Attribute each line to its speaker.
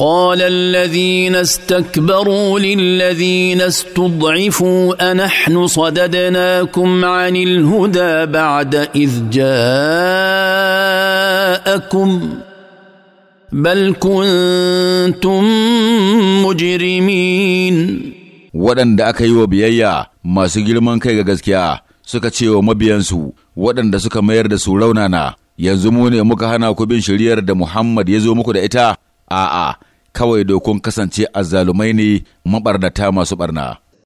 Speaker 1: قال الذين استكبروا للذين استضعفوا أنحن صددناكم عن الهدى بعد إذ جاءكم بل
Speaker 2: كنتم مجرمين waɗanda aka yi wa biyayya masu girman kai ga gaskiya suka cewa mabiyansu waɗanda suka mayar da su raunana yanzu mu ne muka hana ku bin shiriyar da Muhammad ya zo muku da ita a'a kawai dokun kasance a azzalumai ne mabarnata masu barna.